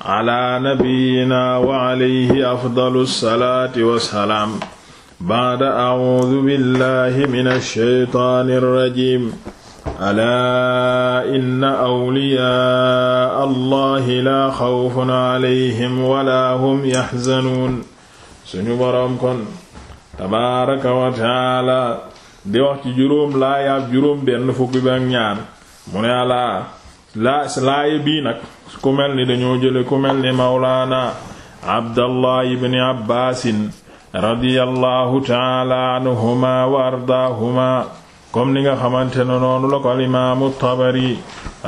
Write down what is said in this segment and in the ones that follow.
ala nabiyyina wa alayhi afdalu salaati wa salaam ba'da a'uudu billahi mina shaytaani rajiim alaa inna awliyaa allahi laa xawfun alayhim wala hum yaxzanuun suñu boroom kon tabaaraka wa taala di wax ci juróom laayaab juróom benn fukki ba ñaar mu ne alaa laa laaye bii nag ku mel ni dañoo jële ku mel ni mawlaana abdallah ibni abbaasin radiyallahu taala anhuma wa ardaahuma comme ni nga xamante ne noonu la ko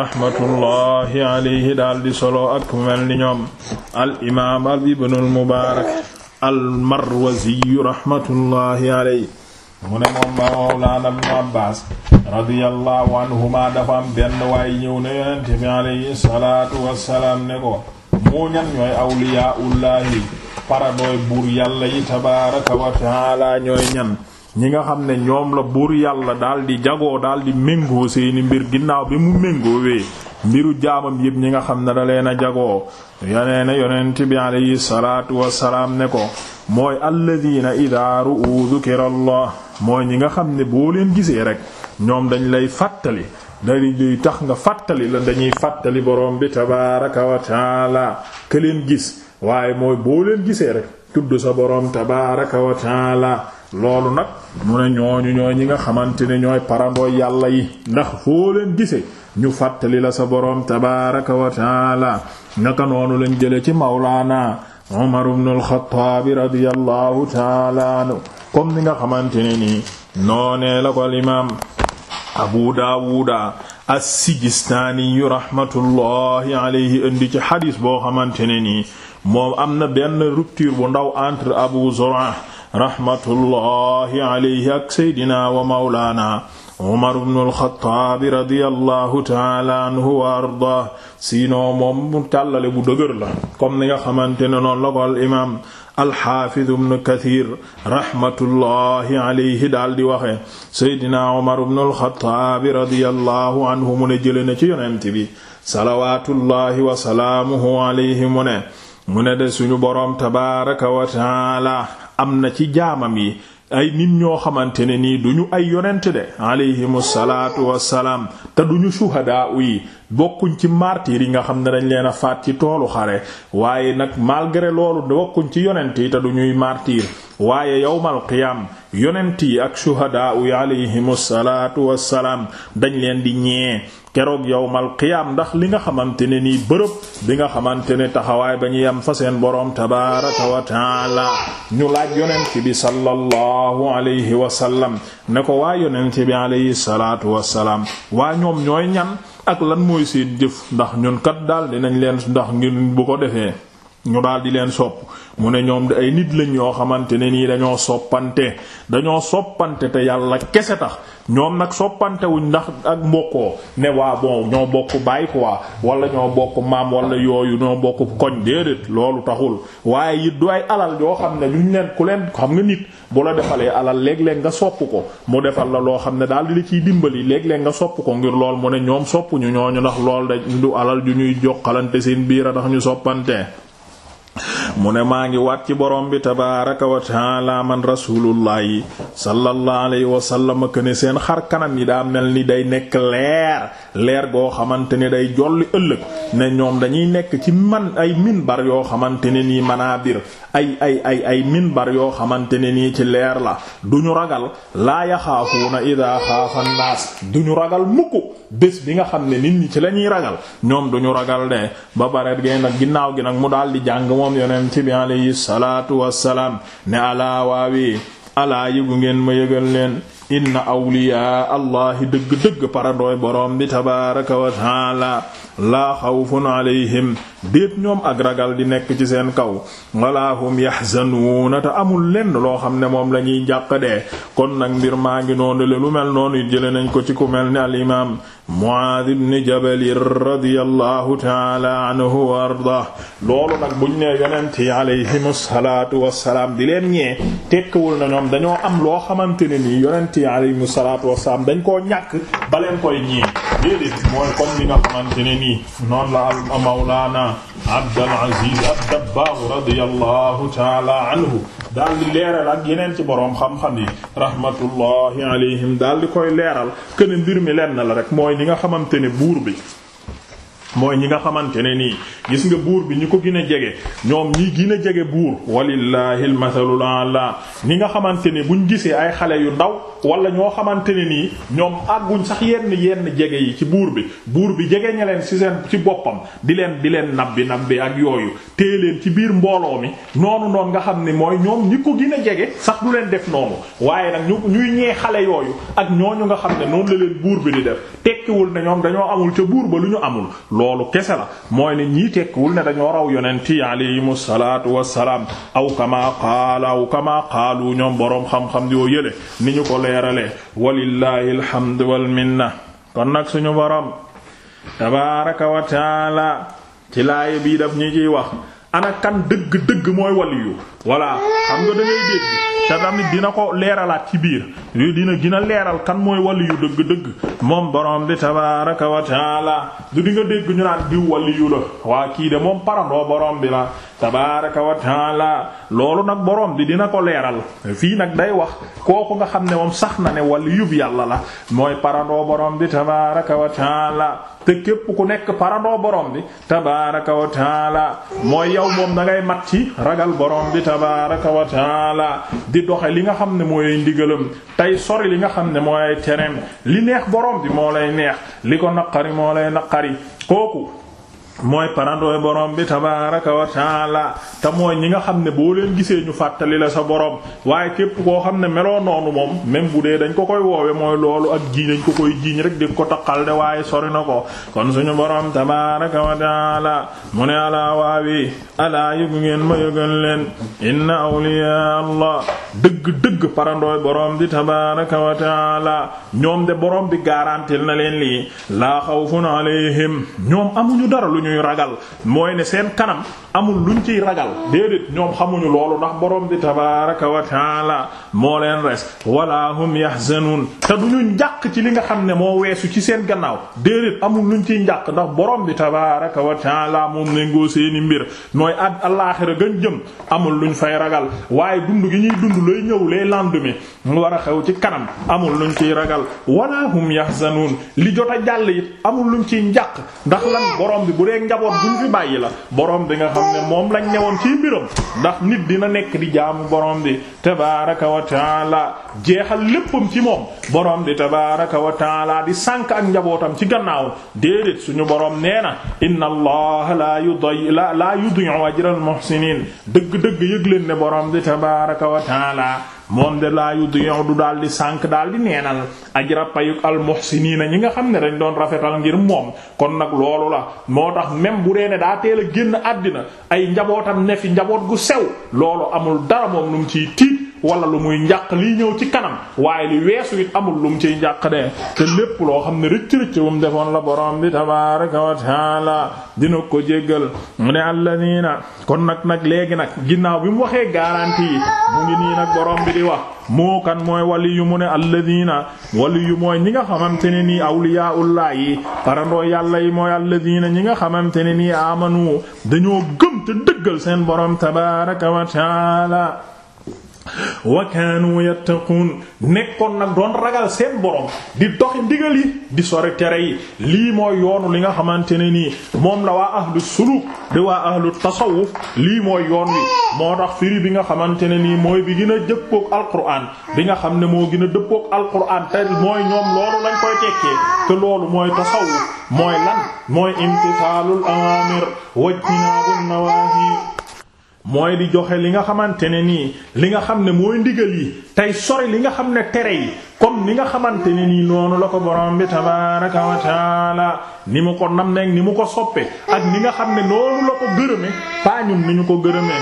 rahmatullahi alayhi daal di solo ak ku mel ni ñoom al imaam al rahmatullahi alayhi mu ne moom ma mawlaana ibn Abbaas radiyallahu anhuma dafa am benn waaye ñëw ne yonent bi salaatu wassalaam ne ko mu ñan ñooy awliyaaullaahi paradooy buur yàlla yi tabaaraka wa ñooy ñan ñi nga xam ne ñoom la buur yàlla daal di jagoo daal di méngoo seeni mbir ginnaaw bi mu méngoowee mbiru jaamam yépp ñi nga xam ne da leen a jagoo yenee ne yonent bi salaatu wassalaam ne ko mooy alladina idaa ru'u dhukira mooy ñi nga xam ne boo leen gisee rek ñoom dañ lay fàttali dañ lay tax nga fàttali la dañuy fàttali boroom bi tabaaraka wa taala ka leen gis waaye mooy boo leen gisee rek tudd sa borom tabaaraka wa taala loolu nag mu ne ñooñu ñooy ñi nga xamante ne ñooy parandooy yàlla yi ndax foo leen gisee ñu fàttali la sa borom tabaaraka wa taala naka noonu lañ jële ci mawlaana Umar ibn al-Khattab radiyallahu taala comme ni nga xamante ne nii noonee la ko limaam abu daawuda as-sijistaani yu rahmatullahi alayhi indi boo xamante ne nii moom am na benn rupture bu ndaw entre abu zur'a rahmatullahi alayhi ak seydina wa mawlaana umar ibn al-Khattab taala anhu wa arda siinoo moom mu bu dëgër la comme ni nga xamante ne noonu la alxaafiz ibn kathir rahmatullahi alayhi daal di waxee seydina umar ibn mu ne jële na ci yonent bi salawaatullahi wa salaamuhu mu ne mu ne de suñu boroom tabaaraka am na ci jaamam yi ay nit ñoo xamante ne nii du ñu ay yonent de alayhimu salaatu wassalaam te du ñu shuhadaa yi bokkuñ ci martyr yi nga xam ne dañ leen a faat ci toolu xare waaye nag malgré loolu bokkuñ ci yonent yi te du ñuy martyr waaye yawmal qiyaam yonent yi ak shuhadaa yi alayhimu salaatu wassalaam dañ leen di ñee keroog yawmal qiyaam ndax li nga xamante ne nii bërëb bi nga xamante ne taxawaay ba ñu yam fa seen boroom tabaaraka wa taala ñu laaj yonent bi sallallahu alayhi wa sallam ne ko waa yonent bi alayhi salaatu wassalaam waa ñoom ñooy ñan ak lan mooy seen jëf ndax ñun kat daal dinañ leen ndax ngir bu ko defee ñu daal di leen sopp mu ne ñoom ay nit lañ yoo xamante ne nii dañoo soppante dañoo soppante te yàlla kese tax ñoom nag soppante wuñ ndax ak mbokkoo ne waa bon ñoo bokk baay quoi wala ñoo bokk maam wala yooyu ñoo bokk koñ déedéet loolu taxul waaye it du ay alal yoo xam ne luñ leen ku leen xam nga nit bu la defalee alal léeg nga sopp ko mu defal la loo xam ne daal di ciy dimbali léeg nga sopp ko ngir lool mu ne ñoom sopp ñu ñooñu ndax lool da du alal ju ñuy jokkalante seen biir a tax ñu soppante mu ne maa ngi waat ci borom bi tabaaraka wa taala man rasulullahi sallallahu alayhi wa sallam que ne seen xar kanam yi daa mel ni day nekk leer leer goo xamante ni day jolli ëllëg ne ñoom dañuy nekk ci man ay minbar yoo xamante ne nii manaabir ay ay ay ay minbar yoo xamante ne nii ci leer la du ñu ragal laa yaxaafuuna idaa xaafa naas du ragal mukk bés bi nga xam ne nit ñi ci lañuy ragal ñoom duñu ragal de ba bare gi ginnaaw gi nag mu daal di jàng moom yonent bi alayhi salaatu wassalaam ne alaa waawi alaa yëgu ngeen ma yëgal leen inna awliyaa allahi dëgg-dëgg paradooy boroom bi tabaaraka wa taala laa xawfun alayhim déet ñoom ak ragal di nekk ci seen kaw walaa hum yaxzanuuna amul lenn loo xam ne moom lañuy ñuy jàq dee kon nag mbir maa ngi noonu le lu mel noonu jële nañ ko ci ku mel ni al imaam Muaad ibn Jabal radiyallahu taala anhu wa arda loolu nag buñ ne yonent yi alayhimu salaatu wassalaam di leen ñee tekkiwul na ñoom dañoo am loo xamante ne nii yonent yi alayhimu salaatu wassalaam dañ koo ñàkk ba ko koy ñee mooy comme li nga xamante ne nii noonu la al mawlaana Aziz ad-Dabbaagh radiyallahu taala anhu daal di leeral ak yeneen ci boroom xam-xam yi rahmatullahi alayhim daal di koy leeral kën mbir mi lenn la rek mooy li nga xamante ne buur bi mooy ñi nga xamante ne nii gis nga buur bi ñi ko gën a jege ñoom ñi gën a jege buur walillahi almasalul ala ñi nga xamante ne buñ gisee ay xale yu ndaw wala ñoo xamante ne nii ñoom àgguñ sax yenn yenn jege yi ci buur bi buur bi jege ña leen ci seen ci boppam di leen di leen nabbi nabbi ak yooyu téye leen ci biir mbooloo mi noonu noonu nga xam ne mooy ñoom ñi ko gën jege sax du leen def noonu waaye nag ñu ñuy ñee xale yooyu ak ñooñu nga xam ne noonu la leen buur bi di def tekkiwul ne ñoom dañoo amul ca buur ba lu ñu amul loolu kese la mooy ne ñii tekkiwul ne dañoo raw yonent yi alayhimu salaatu wassalaam aw kamaa qaala aw kamaa qaalu ñoom boroom xam-xam yoo yële ni ñu ko leeralee walillahi alhamdu wal minna kon nag suñu boroom tabaaraka wa ci laay bii daf ñu ciy wax ana kan dëgg dëgg mooy waliyu walla xam nga da ngay te tamit dina ko leeralaat ci biir yu dina gën a leeral kan mooy wali yu dëgg-dëgg moom borom bi tabaraka wa taala du di nga dégg ñu naan diw wali yu la waa kii de moom parandoo borom bi la tabaaraka wa taala loolu nag boroom bi dina ko leeral fii nag day wax kooku nga xam ne moom sax na ne waliyub yàlla la mooy parandoo boroom bi tabaaraka wa taala te képp ku nekk parandoo borom bi tabaaraka wa taala mooy yow moom da ngay mat ci ragal borom bi tabaaraka wa taala di doxe li nga xam ne mooy ndigalam tey sori li nga xam ne mooy tereem li neex borom bi moo lay neex li ko naqari moo lay naqari kooku mooy parandooy boroom bi tabaaraka wa taala ta mooy ñi nga xam ne boo leen gisee ñu fàttali la sa boroom waaye képp koo xam ne meloo noonu moom même bu dee dañ ko koy woowe mooy loolu ak jiiñ dañ ko koy jiiñ rek di ko taqal de waaye sori na ko kon suñu borom tabaaraka wa taala mu ne alaa waawi alaa yëgu ngeen ma yëgal leen inna awliyaa allah dëgg dëgg parandooy borom bi tabaaraka wa taala ñoom de borom bi garantil na leen lii laa xawfun alayhim ñuy ragal mooy ne seen kanam amul luñ ciy ragal déedéet ñoom xamuñu loolu ndax borom bi tabaaraka wa taala moo leen res wala hum yahzanun te duñu njàq ci li nga xam ne moo weesu ci seen gannaaw déedéet amul luñ ciy njàq ndax borom bi tabaaraka wa taala moom nengoo seeni mbir mooy ad alaaxira gën jëm amul luñ fay ragal waaye dund gi ñuy dund lay ñëw lay lendemain mu war a xew kanam amul luñ ciy bi bu njaboot buñ fi bàyyi la borom bi nga xam ne moom lañ newoon ci mbiram ndax nit dina nekk di jaamu boroom bi tabaaraka wa taala jeexal léppam ci moom boroom bi tabaaraka wa taala di sànk ak njabootam ci gannaaw déedéet suñu borom nee na inna allaha la yudayi la la yudiyu ajral muhsinin dëgg yëg leen ne borom bi tabaaraka wa taala moom de laa yudiyu du daal di sànq daal di neenal ajra payuk al muhsiniina ñi nga xam ne dañ doon rafetal ngir moom kon nag loolu la moo tax même bu dee ne daa teel a génn àddina ay njabootam ne fi njaboot gu sew loolu amul dara moom nu mu ciy tiit. wala lu muy njàq liy ñëw ci kanam waaye li weesu it amul lum ciy njàq de te lépp loo xam ne rëcc-rëcc bu mu defoon la borom bi tabaraka wa taala dina ko jéggal mu ne alladina kon nag nag léegi nag ginnaaw bi mu waxee garantie yi mu ngi nii nag borom bi di wax moo kan mooy waliyu mu ne alladina waliyu mooy ñi nga xamante ne nii awliyaaullah yi parandoo yàlla yi mooy alladina ñi nga xamante ne nii amanu dañoo gëm te dëggal seen borom tabaraka wa kaanu yattaquun nekkoon nag doon ragal seen borom di doxi ndigal di sori tere yi lii mooy yoonu li nga xamante ne nii moom la waa ahlu suluk di waa ahlu tasawuf lii mooy yoon wi moo tax firi bi nga xamante ne nii mooy bi gën a dëppook alquran bi nga xam ne moo gën a dëppook alquran te mooy ñoom loolu lañ koy tekkee te loolu mooy tasawuf mooy lan mooy imtisaalul awaamir wajtinaabun nawaahi mooy di joxe li nga xamante ne nii li nga xam ne mooy ndigal yi tey sori li nga xam ne tere yi comme ni nga xamante ne nii noonu la ko borom bi tabaaraka wa taala ni mu ko nam neeg ni mu ko soppe ak ni nga xam ne noonu la ko gërëme paa ñun ni ñu ko gërëmee.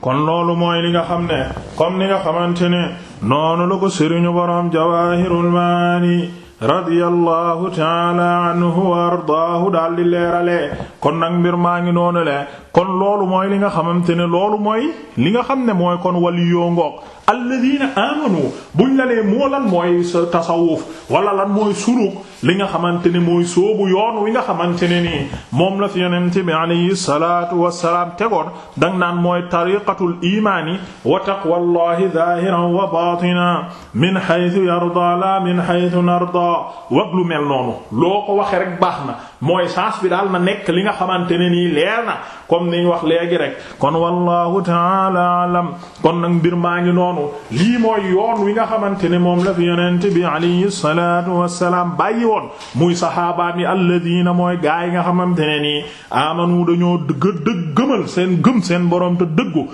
kon loolu mooy li nga xam ne comme ni nga xamante ne noonu la ko sëriñu borom jawaahirul maani radiyallahu taala anhu wa ardaahu daal di leerale kon nag mbir maa ngi noonu le kon loolu mooy li nga xamante ne loolu mooy li nga xam ne mooy kon wali yoo ngoog alladina amanu buñ moo lan mooy sa tasawuf wala lan mooy suruk li nga xamante ne mooy sóobu yoon wi nga xamante ne nii moom la fi yonent bi alayhi salaatu wassalaam tegoon dang naan mooy tariqatul imaani wa taqwallahi zaahiran wa baatinan min haythu yarda la min haythu lu mel noonu loo ko waxe rek baax na mooy sens bi daal na nekk li nga xamante ne nii leer na kom niñ wax léegi rek kon wallahu taala alam kon nag mbir maa ngi noonu lii mooy yoon wi nga xamante ne moom la fi yonent bi alayhi salaatu wassalaam bàyyi woon muy saxaabaam yi alladina mooy gaay nga xamante ne nii amanu dañoo dëgg dëgg gëmal seen gëm seen borom te dëggu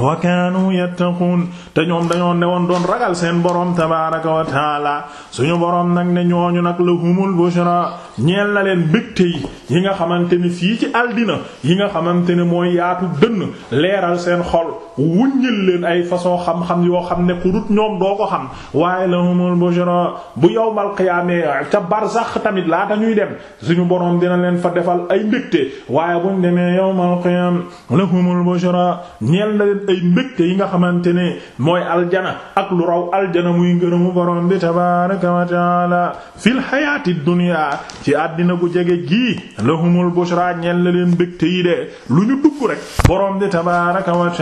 wa kaanu yattaquun te ñoom dañoo ne woon doon ragal seen boroom tabaaraka wa taala suñu borom nag ne ñooñu nag la humul bushra ñeel na leen mbégte yi yi nga xamante ne fii ci àldina yi nga xamante ne mooy yaatu dënn leeral seen xol ay façon xam yoo xam ne ku ñoom doo ko xam waaye la humul bu yawmal qiyaamee ca barzax tamit laata ñuy dem suñu borom dina leen fa defal ay mbégte ñeel na leen leen ay mbégte yi nga xamante ne mooy aljana ak lu raw aljana muy ngërëmu borom bi tabaaraka wa taala fil xayaati dunya ci àddina bu jege gii lahumul bushra ñeel na leen mbégte yi de lu ñu dugg rek borom bi tabaaraka wa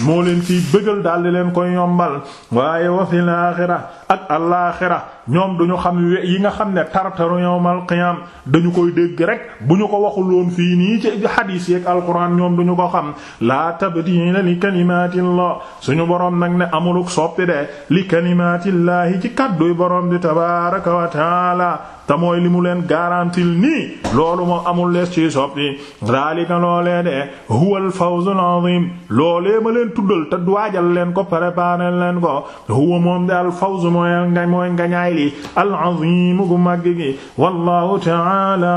moo leen fiy bëggal daal di leen koy yombal waaye wa fil aaxira ak alaaxira ñoom duñu xam yi nga xam ne tartaru yawmal qiyaam dañu koy dégg rek bu ñu ko waxul woon fii nii ci xadiis yi alxuraan ñoom duñu ko xam laa tabdiila li kalimaatillah suñu boroom nag ne amulug soppi de li kalimaatillah ci kàdduy boroom di tabaaraka wa taala te mooy li mu leen garantil nii loolu moom amul lees ci soppi daalika loolee de huwal fawzul ma leen tuddal te waajal leen ko préparer leen ko huwa moom daal fawz mooy nga mooy al azim gu màgg gi wallahu ta'ala